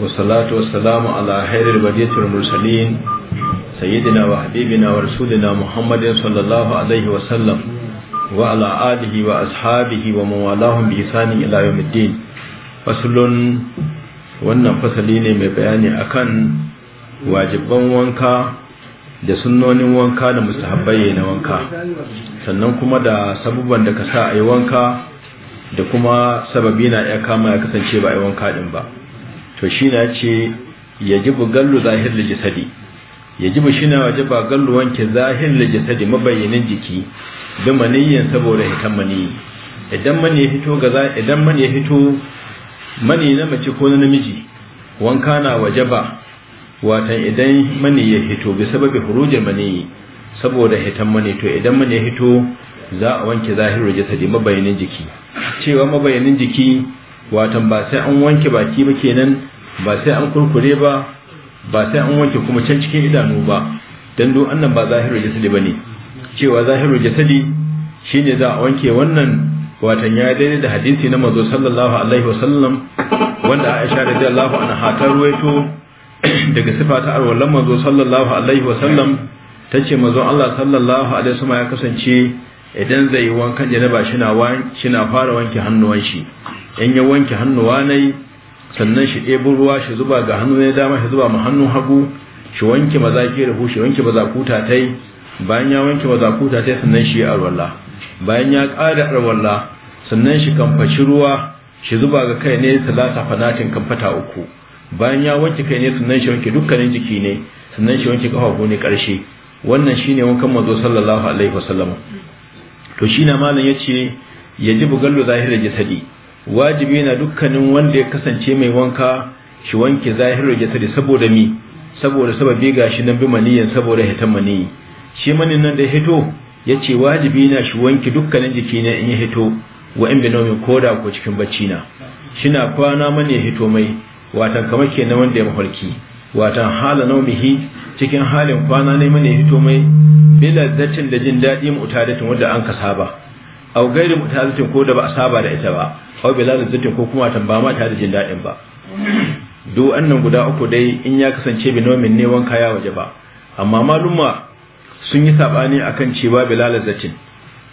والصلاة والسلام على خير البرية المرسلين سيدنا وحبيبنا ورسولنا muhammadin sallallahu alaihi عليه وسلم وعلى آله وأصحابه ومن والاهم بإحسان إلى يوم الدين فصل wannan fasali ne mai bayani akan wajibban wanka da sunnonin wanka da mustahabbai na wanka sannan kuma da sabubban da ka sa a yi wanka da kuma sababi na iya kama ya kasance ba a yi wanka din ba to shi na ce ya ji gallu zahir da jisadi ya ji shi na waje ba gallu wanke zahir da jisadi mabayyanin jiki da maniyyin saboda hitan maniyyi idan mani ya fito ga idan mani ya fito mani na mace ko na namiji wanka na waje ba watan idan mani ya hito bi sababi hurujin mani saboda hitan mani to idan mani ya hito za a wanke zahirar jisadi mabayanin jiki cewa mabayanin jiki watan ba sai an wanke baki ba kenan ba sai an kurkure ba ba sai an wanke kuma can cikin idanu ba dan duk annan ba zahirul jasadi bane cewa zahirul jasadi shine za a wanke wannan watan ya daidai da hadisi na mazo sallallahu alaihi wasallam wanda Aisha radiyallahu anha ta ruwaito daga sifa ta mazo sallallahu alaihi wasallam tace mazo Allah sallallahu alaihi wasallam ya kasance idan zai wankan janaba ba shi na fara wanke hannuwan shi in ya wanke hannuwa yi sannan shi ɗebo ruwa shi zuba ga hannu ne dama shi zuba ma hannun hagu shi wanke mazaki da shi wanke mazakuta ta yi bayan ya wanke mazakuta ta yi sannan shi arwalla bayan ya ƙara arwalla sannan shi kamfaci ruwa shi zuba ga kai ne talata fanatin kamfata uku bayan ya wanke kai ne sannan shi wanke dukkanin jiki ne sannan shi wanke ƙafafu ne ƙarshe wannan shi ne wankan manzo sallallahu alaihi wasallam to shi na malam ya ji gallu zahirar jasadi wajibi na dukkanin wanda ya kasance mai wanka shi wanke zahirar jasadi saboda mi saboda sababi gashi nan bi maniyan saboda hitan mani shi manin nan da hito ya ce wajibi na shi wanke dukkanin jiki ne in ya hito wa in binomi koda ko cikin bacci na Shi na kwana mani ya hito mai watan kamar na wanda ya mafarki watan hala naumihi cikin halin kwana ne mani ya hito mai bila zatin da jin daɗi mutadatin wanda an ka saba au gairi mutadatin ko da ba a saba da ita ba aw bilalin zatin ko kuma tambama ma tare da jin daɗin ba duk annan guda uku dai in ya kasance bi nomin ne wanka ya waje ba amma maluma sun yi saɓani a kan cewa bilalin zatin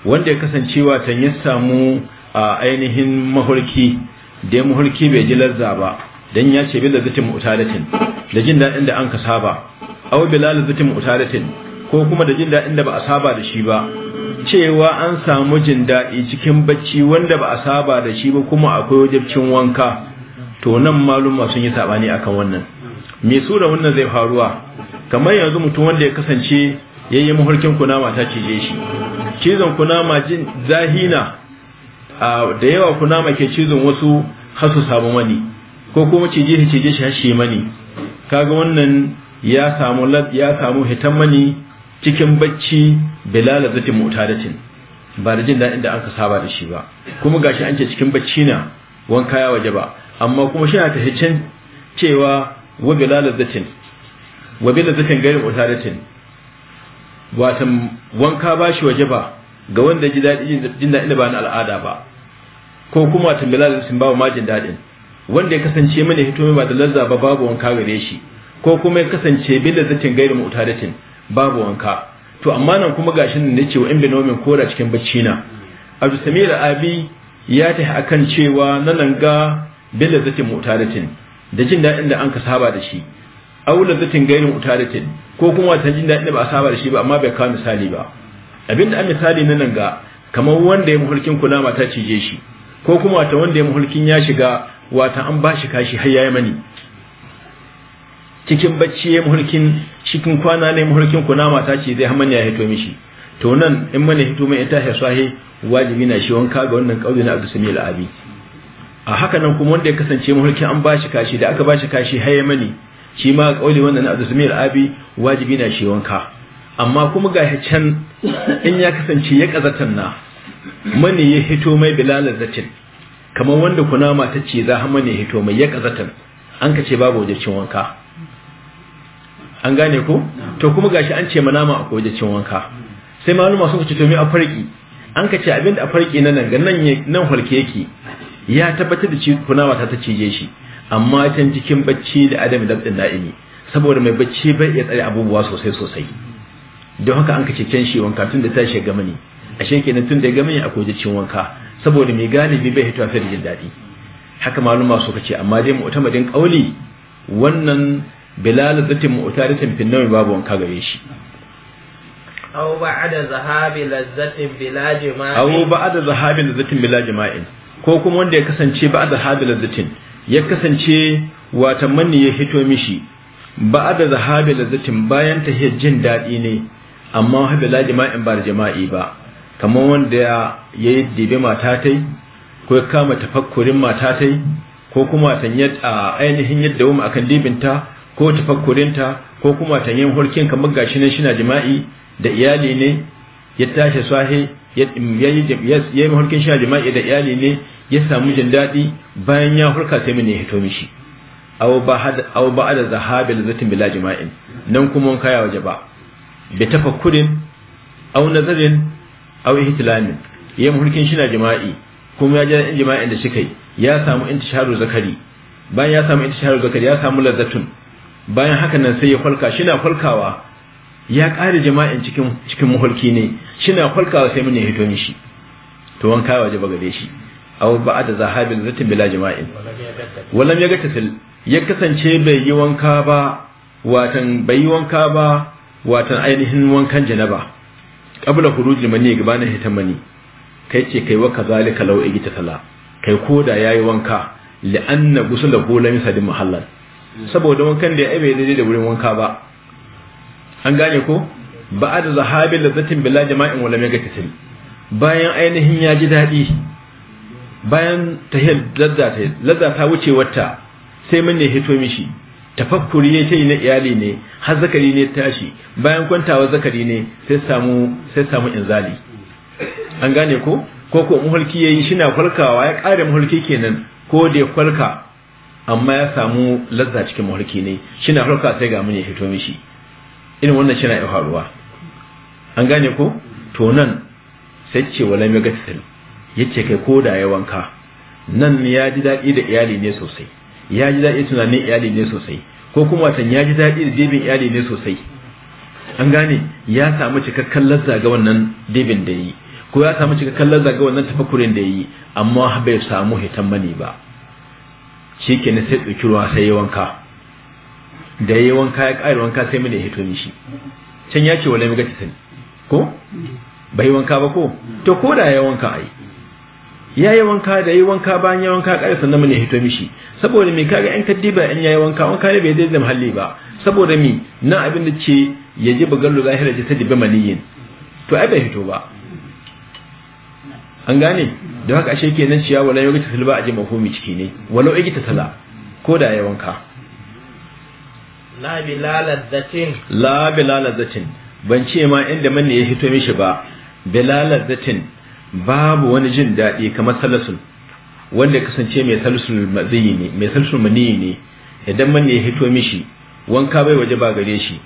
wanda ya kasancewa ta yi samu a ainihin mahulki da ya mahulki bai ji lazza ba dan ya ce bilal zatin mu'talatin da jin daɗin da an ka saba aw bilal zatin mu'talatin ko kuma da jin daɗin da ba a saba da shi ba cewa an samu jin daɗi cikin bacci wanda ba a saba da shi ba kuma akwai wajibcin wanka to nan maluma sun yi sabani akan wannan me su da wannan zai faruwa kamar yanzu mutum wanda ya kasance yayi mahurkin kunama ta cije shi cizon kunama jin zahina da yawa kunama ke cizon wasu hasu samu mani ko kuma cije shi cije shi hashe mani kaga wannan ya samu ya samu hitan mani cikin bacci bilal zati mutadatin ba da jin daɗin da aka saba da shi ba kuma gashi an ce cikin bacci na wanka ya waje ba amma kuma shi ta hicin cewa wa bilal zatin wa bilal zatin gari mutadatin watan wanka ba shi waje ba ga wanda ji daɗi jin daɗin da ba na al'ada ba ko kuma watan bilal zatin ba ma jin daɗin wanda ya kasance mana hito ba da lazza ba babu wanka gare shi ko kuma ya kasance bilal zatin gari mutadatin babu wanka to amma nan kuma gashi nan nace wa in binomin kora cikin bacci na abu samira abi ya ta akan cewa nan ga bil lazati mutaratin da jin dadin da an ka saba da shi aula zatin gairin mutaratin ko kuma ta jin dadin da ba a saba da shi ba amma bai kawo misali ba abinda an misali nan ga kamar wanda ya mulkin kula mata cije shi ko kuma ta wanda ya mulkin ya shiga wata an bashi kashi har yayi mani cikin bacci ya mulkin cikin kwana ne mafarkin kunama ta ce zai hamanya ya hito mishi to nan in mana hito mai ita ya sahi wajibi na shi wanka ga wannan kauli na abdusami Samil Abi a haka nan kuma wanda ya kasance mahurkin an bashi kashi da aka bashi kashi haye mani shi ma kauli wannan na Abdul Abi wajibi na shi wanka amma kuma ga can in ya kasance ya kazatan na mani ya hito mai bilalar zatin kamar wanda kunama ta ce za hamani ya hito mai ya kazatan an ka ce babu wajen wanka an gane ko to kuma gashi an ce ma nama a cin wanka sai maluma suka ce to me a farki an ka ce da a farki na nan nan nan farki yake ya tabbatar da ci kunawa ta ta cije shi amma can cikin bacci da adam da dabdin na'imi saboda mai bacci bai iya tsare abubuwa sosai sosai don haka an ka ce can shi wanka tun da ta shi gama ne ashe nan tun da ya gama ne a wajen cin wanka saboda mai galibi bai hito sai da jin daɗi haka maluma suka ce amma dai mu'tamadin kauli wannan بلال zati mu'taritin fi nawmi babu wanka gare shi aw ba'da zahabi lazzatin bila jima'in aw ba'da zahabi lazzatin bila jima'in ko kuma wanda ya kasance da zahabi zatin ya kasance wata manni ya hito mishi da zahabi zatin bayan ta jin daɗi ne amma habila jima'in ba jima'i ba kamar wanda ya yi dibe matatai ko ya kama tafakkurin matatai ko kuma a ainihin yadda wuma akan libinta ko tafakkurinta ko kuma ta hulkin kamar gashi nan shi na jima'i da iyali ne ya tashi sahe ya yi hulkin shi na jima'i da iyali ne ya samu jin daɗi bayan ya hulka sai mun ne hito mishi aw ba da zahabil zatin bila jima'in nan kuma kaya waje ba bi tafakkurin aw nazarin aw ihtilamin yi hulkin shi na jima'i kuma ya in jima'in da shi kai ya samu intisharu zakari bayan ya samu intisharu zakari ya samu lazzatun bayan haka nan sai ya falka na falkawa ya ƙare jama'in cikin cikin muhulki ne na falkawa sai mun ya hito shi. to wanka waje ba gare shi aw ba'da zahabil zati bila jama'in wallam ya gatasil ya kasance bai yi wanka ba watan bai yi wanka ba watan ainihin wankan janaba qabla mani limani gabanin hitan mani kai ce kai wa kazalika law igita sala kai koda yayi wanka li'anna gusula lam sadin mahallan saboda wankan da ya aibe daidai da wurin wanka ba an gane ko ba a da zahabi lazzatin bila jama'in wala mega katil bayan ainihin ya ji daɗi bayan tahiyar lazza ta wuce wata sai mun ne hito mishi tafakkuri ya ce na iyali ne har zakari ne tashi bayan kwantawa zakari ne sai samu sai samu inzali an gane ko ko ko muhulki yayi shina kwalkawa ya ƙare muhulki kenan ko da ya kwalka amma ya samu lazza cikin mulki ne shi na harka sai ga mun ya fito mishi irin wannan shi na iya faruwa an gane ko to nan sai ce wala mai gatisil ya ce kai ko da ya wanka nan ya ji daɗi da iyali ne sosai ya ji daɗi tunanin iyali ne sosai ko kuma watan ya ji daɗi da dibin iyali ne sosai an gane ya samu cikakken lazza ga wannan dibin da yi ko ya samu cikakken lazza ga wannan tafakurin da yi amma bai samu hitan mani ba shi ke sai ɗauki ruwa sai ya wanka da ya wanka ya ƙari wanka sai mini hito mishi can ya ce wala mi ta sani ko bai wanka ba ko to ko da ya wanka ai ya yi wanka da yi wanka bayan ya wanka ƙari sannan mini hito mishi saboda me kaga yan ba yan yi wanka wanka ne bai daidai muhalli ba saboda mi na abin da ce ya ji bugallu zahira ji ta dibe maniyin to ai bai hito ba an gane da haka ashe kenan ciya wala yau ta salba a ji mafhumi ciki ne walau yau ta sala ko da yawan wanka la bilalazatin la bilalazatin ban ce ma inda manne ya hito mishi ba zatin babu wani jin daɗi kamar salasul wanda ya kasance mai salasul mazayi ne mai salasul maniyi ne idan manne ya hito mishi wanka bai waje ba gare shi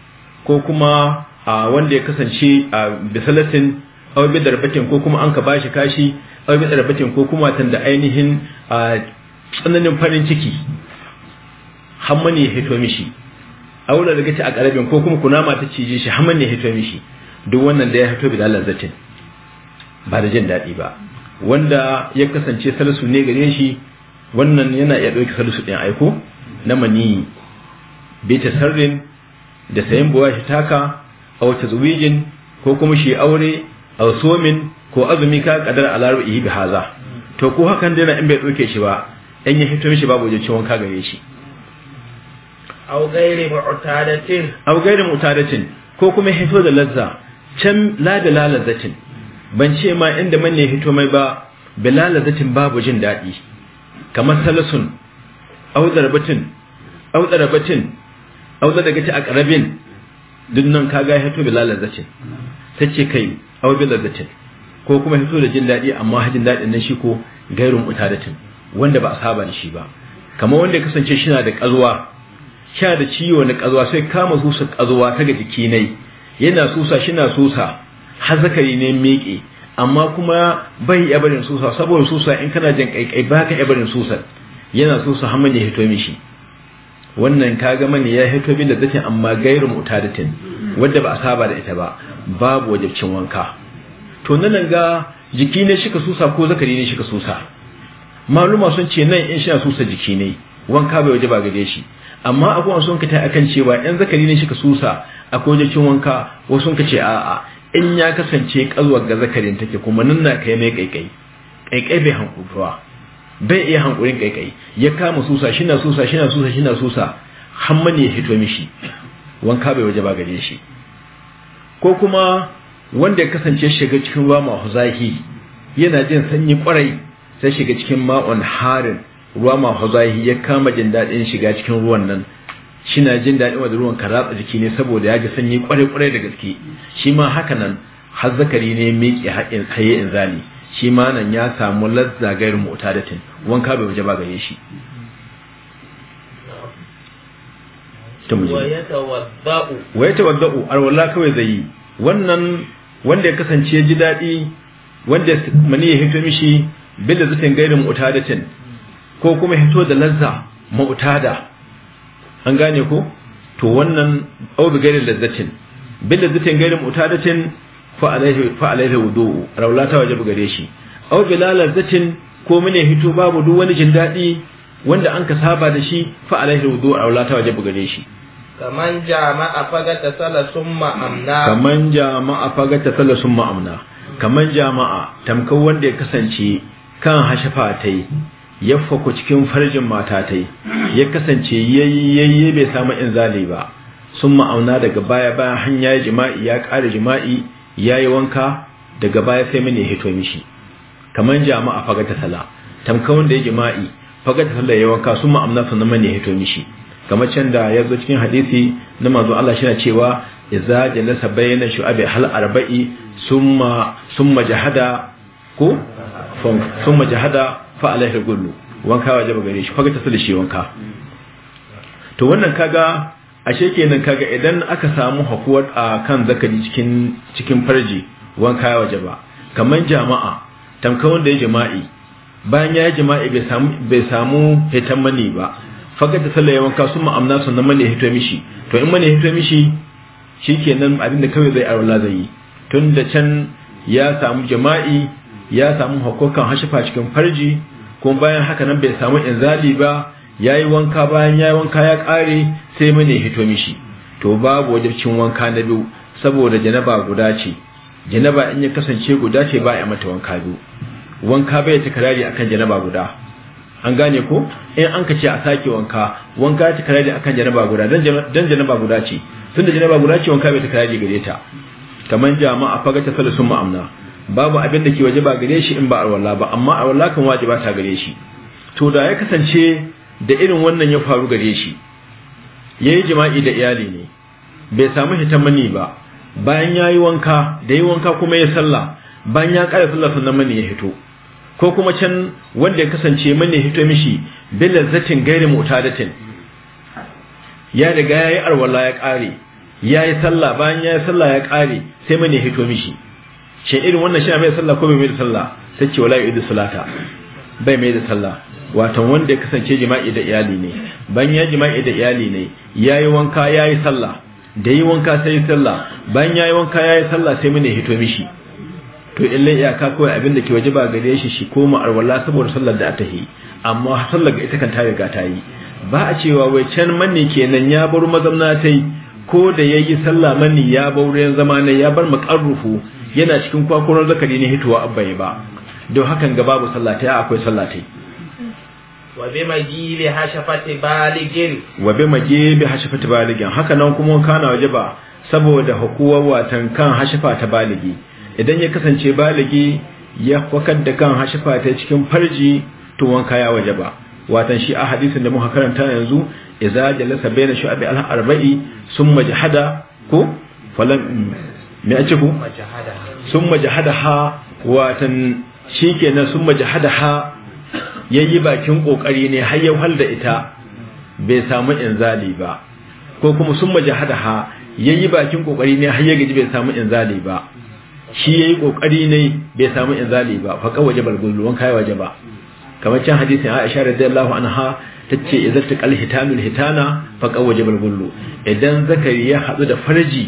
ko kuma a wanda ya kasance a bisalatin aw bi darbatin ko kuma an ka bashi kashi aw bi darbatin ko kuma da ainihin tsananin farin ciki hammani ya hito mishi aula daga ta a karabin ko kuma kunama ta cije shi hammani ya hito mishi duk wannan da ya hito bi zatin ba da jin daɗi ba wanda ya kasance salisu ne gare shi wannan yana iya ɗauki salisu ɗin aiko na maniyi bita sarrin da sayan buwa shi taka a wata zuwijin ko kuma shi aure aw ko azumi ka kadar ala yi bi haza to ko hakan dai in bai doke shi ba in yi hito mishi babu wajen wanka gare shi aw ghairi mu'tadatin aw ko kuma hito da lazza can la da lalazatin ban ce ma inda man ne hito mai ba bi lalazatin babu jin daɗi kamar salasun aw darbatin aw darbatin aw da a karabin duk nan ka ga hito bilal lazzatin ta ce kai aw bilal lazzatin ko kuma hito da jin daɗi amma hajin daɗin nan shi ko gairun utadatin wanda ba a saba da shi ba kamar wanda ya kasance shi na da ƙazuwa sha da ciwo na ƙazuwa sai kama susa ƙazuwa ta ga jiki nai yana susa shi na susa har zakari ne miƙe amma kuma bai iya barin susa saboda susa in kana jin ƙaiƙai ba ka iya barin susa yana susa har ya hito mishi wannan kaga mani ya hito bin da zakin amma gairu mutadatin wadda ba a saba da ita ba babu wajibcin wanka to nan ga jiki ne shi susa ko zakari ne shi susa maluma sun ce nan in sha susa jiki ne wanka bai waje ba gare shi amma akwai sun ka ta akan cewa in zakari ne shi ka susa akwai wajibcin wanka wasu ka ce a'a in ya kasance kazuwar ga zakarin take kuma nan na kai mai kaikai kaikai bai hankuwa bai iya hankurin kaikai ya kama susa shi na susa shi na susa na susa ya fito mishi wanka bai waje ba gare shi ko kuma wanda ya kasance shiga cikin ruwa mahu zahi yana jin sanyi kwarai sai shiga cikin ma'on harin ruwa mahu zahi ya kama jin daɗin shiga cikin ruwan nan shina jin daɗin wanda ruwan ka ratsa jiki ne saboda ya ji sanyi kwarai kwarai da gaske shi ma haka nan har zakari ne miƙe haƙin tsaye in zani shi ma nan ya samu lazza gairin mu'tadatin wanka bai waje ba gare shi wa yatawadda'u walla kawai zai yi wannan wanda ya kasance ji daɗi wanda mani ya hito mishi bil da zufin gairin mu'tadatin ko kuma hito da lazza mu'tada an gane ko to wannan au bi gairin lazzatin bil da zufin gairin mu'tadatin fa'alaihi wudu raula ta wajibu gare shi aw bilalar zatin ko mune hito babu duk wani jin daɗi wanda an ka saba da shi fa'alaihi wudu raula ta wajibu gare shi kaman jama'a fagata sala summa amna kaman jama'a fagata sala summa amna kaman jama'a tamkan wanda ya kasance kan hashafa tai ya fako cikin farjin mata tai ya kasance yayyaye bai samu inzali ba summa ma'auna daga baya bayan hanya jima'i ya ƙara jima'i ya yi wanka daga baya sai mun ya hito mishi kamar jama'a ta sala tamka wanda ya jima'i ta sala ya wanka sun ma'amna sannan mun ya hito mishi kamar can da ya zo cikin hadisi na manzo Allah shi na cewa idza jalasa bayna shu'abi hal arba'i summa summa jahada ko summa jahada fa alaihi gullu wanka wajaba gare shi ta sala shi wanka to wannan kaga ashe kenan kaga idan aka samu hakuwar a kan zakari cikin cikin farji wanka ya waje ba kamar jama'a tamka wanda ya jima'i bayan ya jima'i bai samu bai samu hitan mani ba faga da sallah ya wanka sun ma'amna sun nan mani hito mishi to in mani hito mishi shikenan abin da kawai zai arwala zai tun da can ya samu jima'i ya samu hakokan hashifa cikin farji kuma bayan haka nan bai samu inzali ba ya yi wanka bayan ya yi wanka ya ƙare sai mune hito mishi to babu wajibcin wanka na biyu saboda janaba guda ce janaba in ya kasance guda ce ba a mata wanka biyu wanka bai ta karari akan janaba guda an gane ko in an kace a sake wanka wanka ta karari akan janaba guda dan janaba guda ce tunda janaba guda ce wanka bai ta karari gare ta kamar jama'a faga ta sun ma'amna babu abin da ke waje ba gare shi in ba alwala ba amma alwala kan wajiba ta gare shi to da ya kasance da irin wannan ya faru gare shi ya yi jima'i da iyali ne bai samu mani ba bayan ya yi wanka da yi wanka kuma ya sallah bayan ya ƙara sallah sannan mani ya hito ko kuma can wanda ya kasance mani ya hito mishi bi lazzatin gairi mutadatin ya riga ya yi arwala ya ƙare ya yi sallah bayan ya yi sallah ya ƙare sai mani ya hito mishi shin irin wannan shi mai sallah ko bai mai da sallah sai ce wala da salata bai mai da sallah watan wanda ya kasance jima'i da iyali ne ban ya jima'i da iyali ne yayi wanka yayi sallah da yi wanka sai sallah ban yayi wanka yayi sallah sai mune hito mishi to illa iyaka kawai abin da ke waje ba gare shi shi koma arwala saboda sallar da ta yi amma sallar ga ita kan ta riga ta yi ba a cewa wai can manni kenan ya bar mazamna ta yi ko da yayi sallah manni ya bar yan zama ne ya bar makarrufu yana cikin kwakuran zakari ne hitowa abba ba don hakan ga babu sallah ta akwai sallah ta وبمجيب حشفة بالغ وبمجيب حشفة بالغ haka nan kuma kana ba saboda hukuwar watan kan hashafa ta baligi idan ya kasance baligi ya fakar da kan hashafa ta cikin farji to wanka ya waje ba watan shi a hadisin da muka karanta yanzu idza jalasa baina shu'abi al-arba'i summa jahada ko falan me ace ku summa jahada ha watan shikenan summa jahada ha yi bakin kokari ne har ya halda ita bai samu inzali ba ko kuma sun hada ha, ya yi bakin kokari ne har ya gaji bai samu inzali ba shi ya yi kokari ne bai samu inzali ba fa kawaje balgulu wan kai waje ba kamar can hadisin Aisha radiyallahu anha tace idza taqal hitanul hitana fa kawaje balgulu idan zakari ya hadu da farji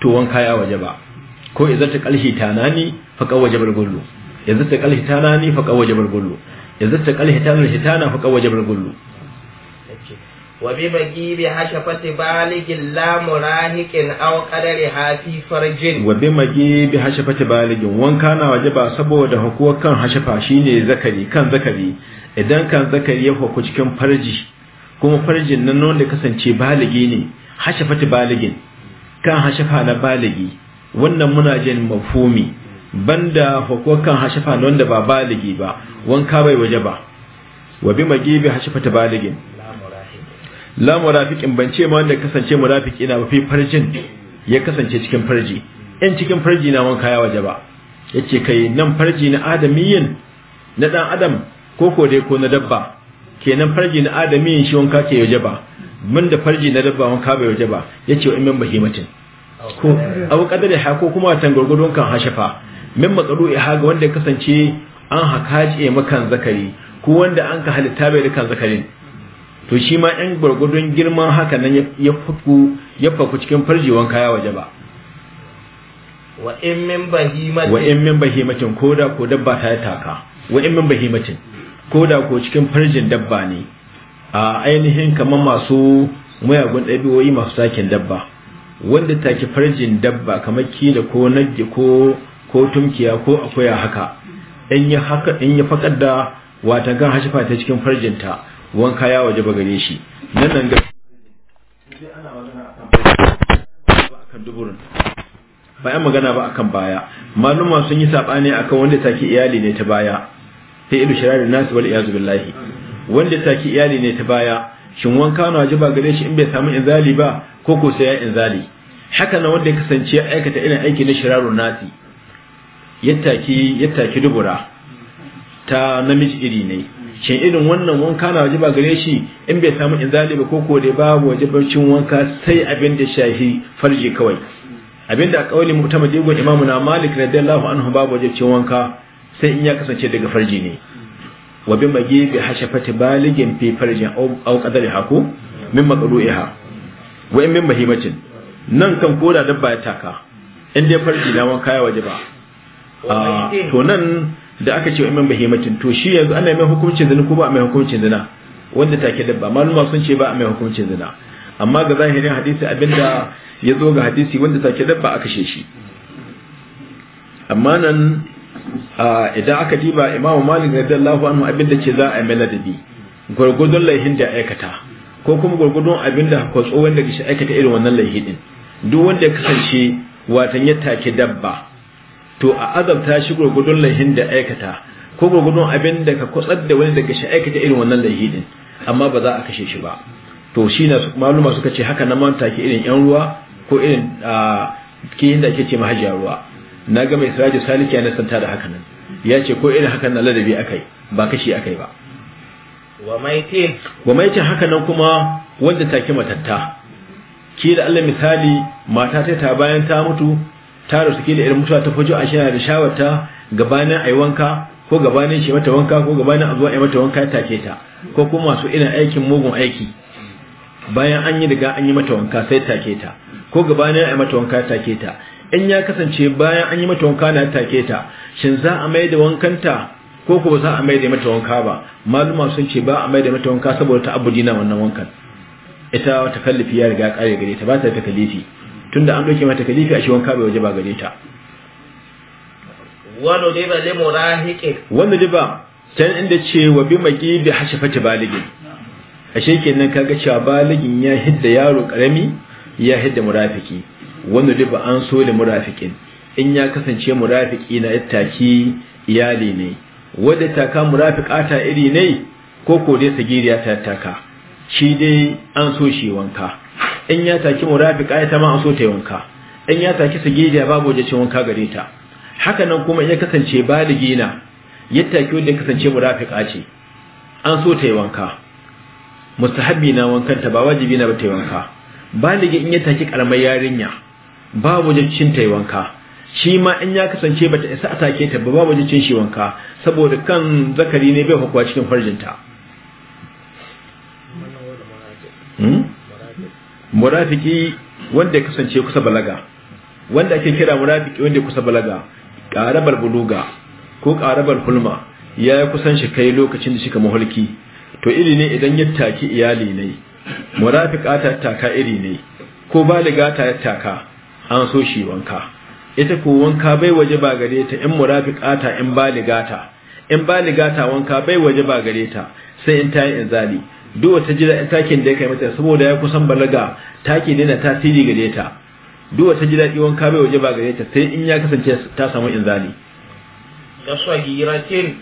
to wanka ya waje ba ko idza hitana ni? fa kawaje balgulu idza hitana ni? fa kawaje balgulu Yan zastaƙari, hita na fi ƙarfe waje bar kullu. Wa bima geɓe hashafati baligin lamuranikin aukarari hafi farjin. Wa bima geɓe hashafati baligin wanka na waje ba saboda hukuma kan hashafa shi ne zakari idan kan zakari ya cikin farji, kuma farjin na nuna da kasance baligi ne, hashafati baligin, kan hashafa na baligi, wannan muna jin mafomi. banda hukukan hashafa wanda ba baligi ba wanka bai waje ba wa bi magibi hashafa ta baligin la murafiqin ban ce ma wanda kasance murafiqi na ba fi farjin ya kasance cikin farji in cikin farji na wanka ya waje ba yace kai nan farji na adamiyin na dan adam ko ko dai ko na dabba kenan farji na adamiyin shi wanka ke waje ba mun da farji na dabba wanka bai waje ba yace wa in bahimatin ko abu kadari ha ko kuma tan gurgudun kan hashafa min makaru ha ga wanda ya kasance an hakace makan zakari ko wanda an ka halitta bai da kan zakarin to shi ma yan gurgudun girman haka nan ya fuku ya fuku cikin farjiwan kaya waje ba wa in min bahimatin wa in min bahimatin ko dabba ta taka wa in min bahimatin da ko cikin farjin dabba ne a ainihin kamar masu mayagun ɗabi'o'i masu sakin dabba wanda take farjin dabba kamar kila ko nagge ko ko tumkiya ko akuya haka in ya haka in ya fakar da wata gan hashifa ta cikin farjin ta, wanka ya waje gare shi nan nan ga magana ba ya magana ba akan baya maluma sun yi sabani akan wanda take iyali ne ta baya sai ilu shirarin nasu wal iyazu billahi wanda take iyali ne ta baya shin wanka na ba gare shi in bai samu inzali ba ko ko sai ya inzali haka na wanda ya kasance ya aikata irin aiki na shirarun nasi yattaki yattaki dubura ta namiji iri ne shin irin wannan wanka na ba gare shi in bai samu inzali ba ko ko dai waje barcin wanka sai abin da shafi farji kawai abinda a kauli mu'tamadi go imamu na malik radiyallahu anhu babu cin wanka sai in ya kasance daga farji ne wa bi magi bi hashafati baligin fi farjin au qadari hako min maqru'iha wa in min mahimatin nan kan koda dabba ya taka in dai farji na wanka ya ba. Ah, to nan da aka ce wa in mahimatin to shi yanzu ana mai hukuncin zina ko ba mai hukuncin zina wanda take dabba maluma sun ce ba mai hukuncin zina amma ga zahirin hadisi abinda ya zo ga hadisi wanda take dabba aka she shi amma nan Ah, idan aka diba imamu malik radiyallahu anhu abinda da ce za a yi bi gwargwadon laihin da aikata ko kuma gwargwadon abin da kwatso da shi aikata irin wannan laihi din duk wanda ya kasance watan ya take dabba to a azabta shi gwargwadon laihin da aikata ko gwargwadon abin da ka kwatsar da wani daga shi aikata irin wannan laihi din amma ba za a kashe shi ba to shi na maluma suka ce haka na man take irin yan ruwa ko irin ah, kiyin da ake ce mahajiyar ruwa na ga mai sirajin saliki ya nasanta da hakanan ya ce ko irin hakan na ladabi akai ba kashi akai ba wa maitin hakanan kuma wanda take matatta ke da Allah misali mata ta ta bayan ta mutu ta rasu ke da irin mutuwa ta fajo a shirya da shawarta gabanin ai wanka ko gabanin shi mata wanka ko gabanin azuwa ai mata wanka take ta ko kuma su irin aikin mugun aiki bayan an yi daga an yi mata wanka sai take ta ko gabanin ai mata wanka take ta in ya kasance bayan an yi mata wanka na take ta shin za a mai da wankanta ko ko za a mai da mata wanka ba maluma sun ce ba a mai da mata wanka saboda ta abudi na wannan wankan ita wata kallifi ya riga kare gare ta ba ta takalifi tunda an doke mata takalifi a shi wanka bai waje ba gare ta wanda ba le murahike wanda ba can inda ce wa bi maki bi hashafati baligin ashe kenan kaga cewa baligin ya hidda yaro karami ya hidda murafiki wani riba an so da murafikin in ya kasance murafiki na ittaki iyali ne wadda taka murafika ta iri ne ko ko dai sagiriya ta taka shi dai an so shi wanka in ya taki murafika ta ma an so ta yi wanka in ya taki sagiriya babu wajen cin wanka gare ta haka nan kuma in ya kasance baligi na taki wadda ya kasance murafika ce an so ta yi wanka mustahabbi na wankanta ba wajibi na ba ta yi wanka baligi in ya taki karamar yarinya babu wajen ta yi wanka shi ma in ya kasance bata isa a take ta ba babu jacin shi wanka saboda kan zakari ne bai hukuwa cikin farjinta hmm? murafiki wanda ya kasance kusa balaga wanda ake kira murafiki wanda ya kusa balaga ƙarabar buluga ko ƙarabar hulma ya yi kusan shi kai lokacin da shika mahulki to iri ne idan ya taki iyali ne murafika ta taka iri ne ko baliga ta taka an so shi wanka ita ko wanka bai waje ba gare ta in murafiqata in baligata in baligata wanka bai waje ba gare ta sai in tayi inzali duk wata jira takin da ya kai mata saboda ya kusan balaga take ne tasiri gare ta duk wata jira iwon wanka bai waje ba gare ta sai in ya kasance ta samu inzali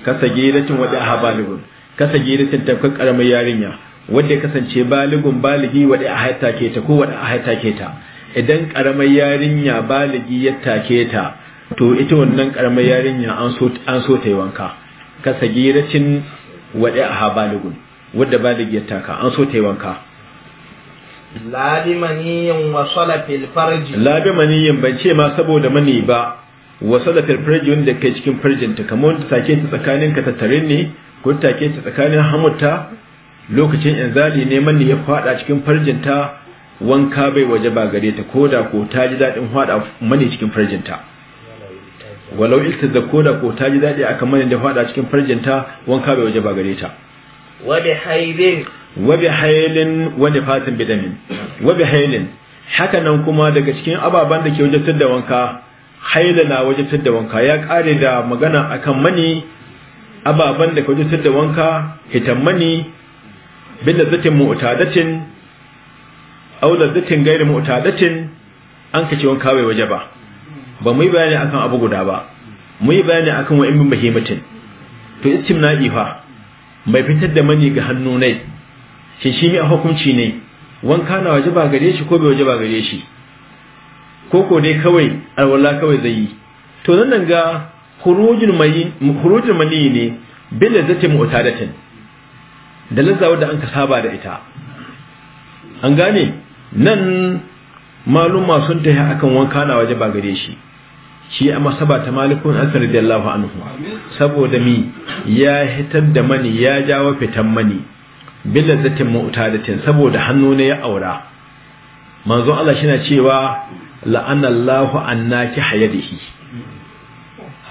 kasa giratin wadda aha baligun kasa giratin tafkar karamar yarinya wadda kasance baligun baligi wadda aha ke ta ko wadda aha ke ta idan karamar yarinya baligi ya take ta to ita wannan karamar yarinya an so ta yi wanka ka sagiracin waɗe a ha baligun wadda baligi ya taka an so ta yi wanka labi maniyin wasala filfarji labi maniyin ban ce ma saboda mani ba wasala filfarji wanda kai cikin farjinta kamar wanda take ta tsakanin ka tattare ne ko take ta tsakanin hamuta lokacin inzali ne mani ya fada cikin farjinta wanka bai waje ba gare ta ko da ko ta ji daɗin hwada mani cikin farjinta walau ilta da ko ta ji daɗi aka mani da hwada cikin farjinta wanka bai waje ba gare ta wabi hailin wabi hailin wani fatin bidamin wabi hailin haka nan kuma daga cikin ababen da ke wajatar da wanka haila na wajatar da wanka ya kare da magana akan mani ababen da ke wajatar da wanka hitan mani bin da zatin mu'tadatin aw lazzatin gairi mu'tadatin an kace wanka bai waje ba ba mu yi bayani akan abu guda ba mu yi bayani akan wa'in min bahimatin to istimna'i fa mai fitar da mani ga hannu ne shin shi ne a hukunci ne wanka na waje ba gare shi ko bai waje ba gare shi ko ko dai kawai alwala kawai zai yi to nan nan ga khurujul mani khurujul mani ne bil lazati mu'tadatin da lazzawar da an ka saba da ita an gane nan maluma sun tafi akan wanka na waje ba gare shi shi a masaba ta malikun asir radiyallahu anhu saboda mi ya hitar da mani ya jawo fitan mani bila zatin mu'tadatin saboda hannu ne ya aura manzo Allah shi na cewa la'anallahu annaki hayadihi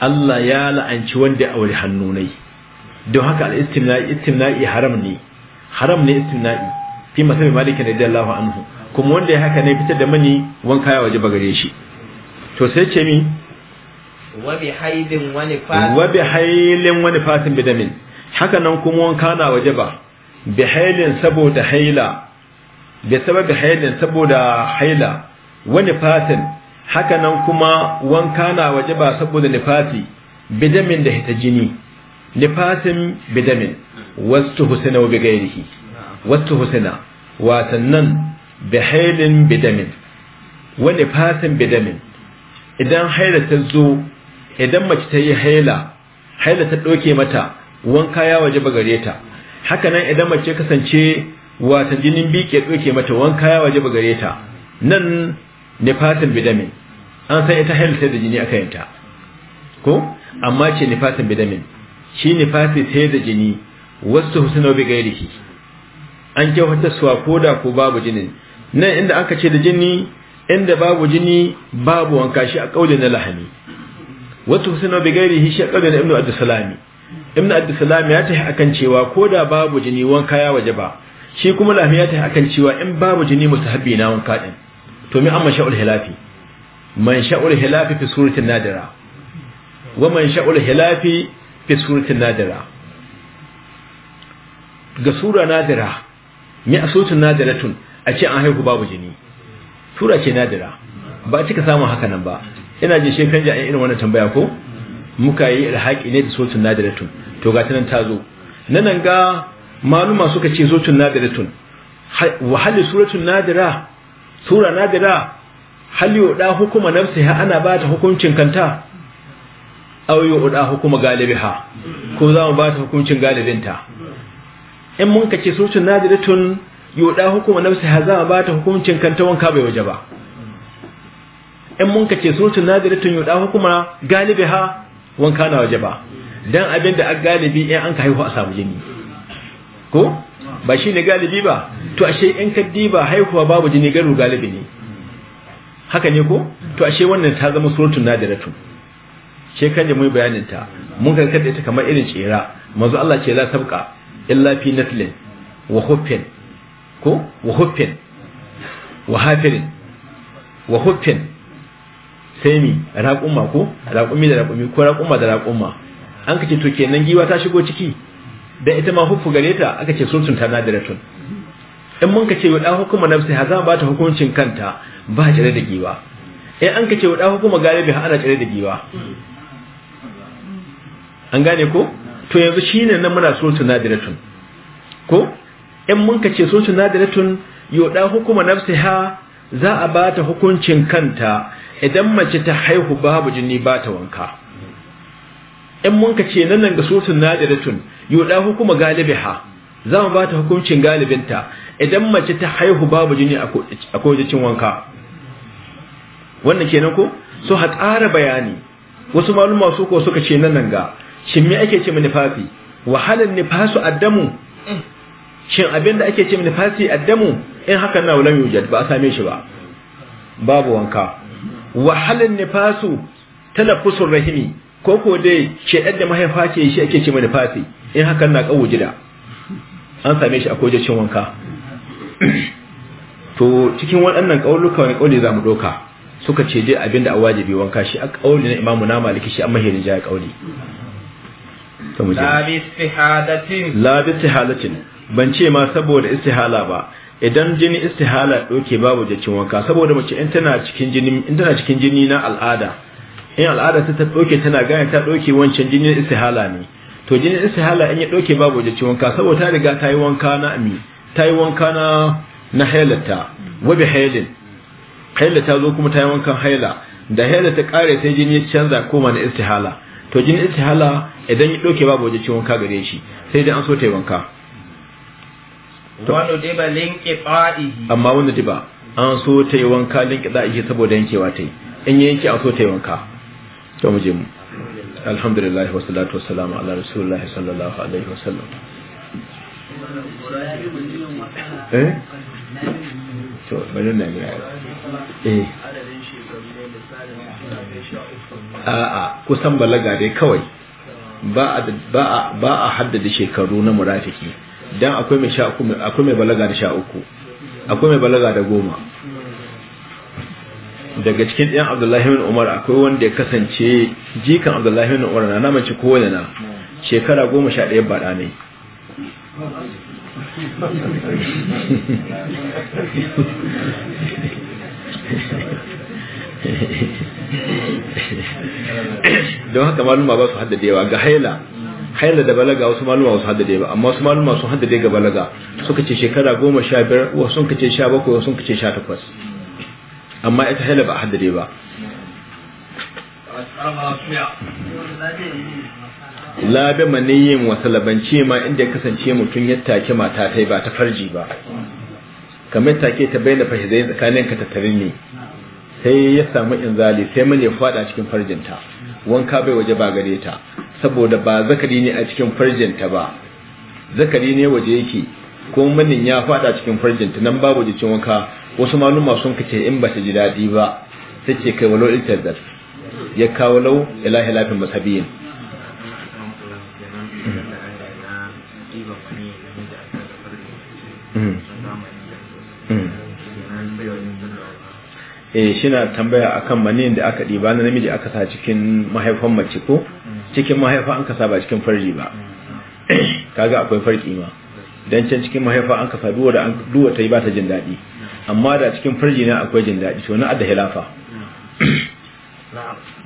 Allah ya la'anci wanda ya aure hannu ne don haka al-istimna'i istimna'i haram ne haram ne istimna'i fi masabi malikin radiyallahu anhu kuma wanda ya haka ne fitar da mani wanka ya waje bagare shi to sai ce mi wabi hailin wani fatin wabi hailin wani fatin bidamin haka nan kuma wanka na waje ba bi hailin saboda haila bi sababi hailin saboda haila wani fatin haka nan kuma wanka na waje ba saboda nifasi bidamin da hita jini nifasin bidamin wasu husina wa gairihi wasu husina wasannan bihailin bidamin wani fatin bidamin idan haila ta zo idan mace ta yi haila haila ta ɗauke mata wanka ya waje bagare ta haka nan idan mace kasance wata jinin biƙe ɗauke mata wanka ya waje bagare ta nan nifasin bidamin an san ita haila sai da jini aka yanta ko amma ce nifasin bidamin shi nifasi sai da jini wasu husna bi gairiki an kyautar suwa da ko babu jinin nan inda aka ce da jini inda babu jini babu wanka shi a kaulin na lahani wata husna bi gairi shi a kaulin ibnu abdusalami ibnu abdusalami ya ta akan cewa ko da babu jini wanka ya waje ba shi kuma lahani ya ta akan cewa in babu jini mustahabi na wanka din to mi amma sha'ul hilafi man sha'ul hilafi fi suratin nadira wa man sha'ul hilafi fi suratin nadira ga sura nadira mi a suratin nadiratun a ce an haihu babu jini tura ce nadira ba cika samun haka nan ba ina jin shekaran jami'in irin wannan tambaya ko muka yi alhaƙi ne da sotun nadiratun to ga tunan ta zo nan ga maluma suka ce sotun nadiratun wahali suratun nadira sura nadira hal ɗa hukuma nafsiha ana ba ta hukuncin kanta auyo ɗa hukuma ha ko za mu ba ta hukuncin galibinta in mun ka ce sotun nadiratun yoda hukuma nafsi hazama ba ta hukuncin kanta wanka bai waje ba in mun ka ce suratul nadiratun yoda hukuma galibi ha wanka na waje ba dan abin da galibi in an ka haihu a samu jini ko ba shine galibi ba to ashe in ka diba haihuwa babu jini garu galibi ne haka ne ko to ashe wannan ta zama suratul nadiratun shekar da mu bayanin ta mun karkar da ita kamar irin tsira manzo Allah ce la sabqa illa fi natlin wa khuffin ko wa huffin wa hafirin wa sai mi raƙumma ko raƙumi da raƙumi ko raƙumma da raƙumma an kace to kenan giwa ta shigo ciki Da ita ma huffu gare ta aka ce sultun ta tun. in mun kace wa dan hukuma nafsi haza ba ta hukuncin kanta ba tare da giwa in an kace wa dan hukuma galibi ha ana tare da giwa an gane ko to yanzu shine nan muna sultun tun ko in mun ka ce sosu nadiratun yoda hukuma nafsiha za a ba ta hukuncin kanta idan mace ta haihu babu jini ba ta wanka in mun ka ce nan ga sosu nadiratun yoda hukuma galibi ha, za mu ba ta hukuncin galibinta idan mace ta haihu babu jini a kojicin wanka wannan kenan ko so ha ƙara bayani wasu maluma su ko suka ce nan ga shin me ake ce nifafi wahalan nifasu addamu shin abin da ake ce min fasi addamu in haka na wulan yujad ba a same shi ba babu wanka wa halin nifasu talaffusur rahimi ko ko dai shedar da mahaifa ce shi ake ce min fasi in hakan na kawo gida an same shi koje cin wanka to cikin waɗannan ƙaunuka wani kauli zamu doka suka ce dai abinda a wajibi wanka shi a kauli na imamu na maliki shi an mahirin ja kauli la bi istihadatin la bi ban ce ma saboda istihala ba idan jini istihala doke babu jakin wanka saboda mace in tana cikin jini in tana cikin jini na al'ada in al'ada ta ta doke tana gane ta doke wancan jini istihala ne to jini istihala in ya doke babu jakin wanka saboda ta riga ta yi wanka na ami ta yi wanka na na hailata wa bi hailin hailata zo kuma ta yi wankan haila da haila ta kare sai jini canza koma na istihala to jini istihala idan ya doke babu jakin wanka gare shi sai dai an so ta yi wanka wani diba linki fa'ihi amma wani diba an so ta yi wanka linki fa'ihi saboda yankewa ta yi in yi yanke an so ta yi wanka to mu je mu alhamdulillah wa salatu salamu ala rasulullah sallallahu alaihi wa sallam eh? eh. a'a kusan balaga dai kawai ba a haddada shekaru na murafiki dan akwai mai sha uku akwai mai balaga da sha uku akwai mai balaga da goma daga cikin ɗayan abdullahi bin umar akwai wanda ya kasance jikan abdullahi bin umar na namace wani na shekara goma sha ɗaya ba ne don haka malum ba su haddadewa ga haila haila da balaga wasu maluma wasu haddade ba amma wasu maluma sun haddade ga balaga suka ce shekara goma sha biyar wasu sun kace sha bakwai wasu sun kace sha takwas amma ita haila ba a haddade ba labe maniyin wasu labanci ma inda ya kasance mutum ya take mata ta ba ta farji ba kamar take ta bayyana fahizai tsakanin ka tattare ne sai ya samu inzali sai mani ya fada cikin farjinta wanka bai waje ba gare ta saboda ba zakari ne a cikin farjinta ba zakari ne waje yake ko manin ya fada cikin farjinta nan babu jikin waka, wasu maluma sun kace in ba ta ji daɗi ba sace ce kai walau iltazar ya kawo lau ilahi lafin masabiyin eh shina tambaya akan manin da aka ɗiba na namiji aka sa cikin mahaifan mace ko cikin mahaifa an ka sa ba cikin farji ba mm. kaga akwai farki ma dan can cikin mahaifa an ka sa duwa da an duwa ta ba ta jin daɗi amma da cikin farji na akwai jin daɗi to na adda hilafa mm.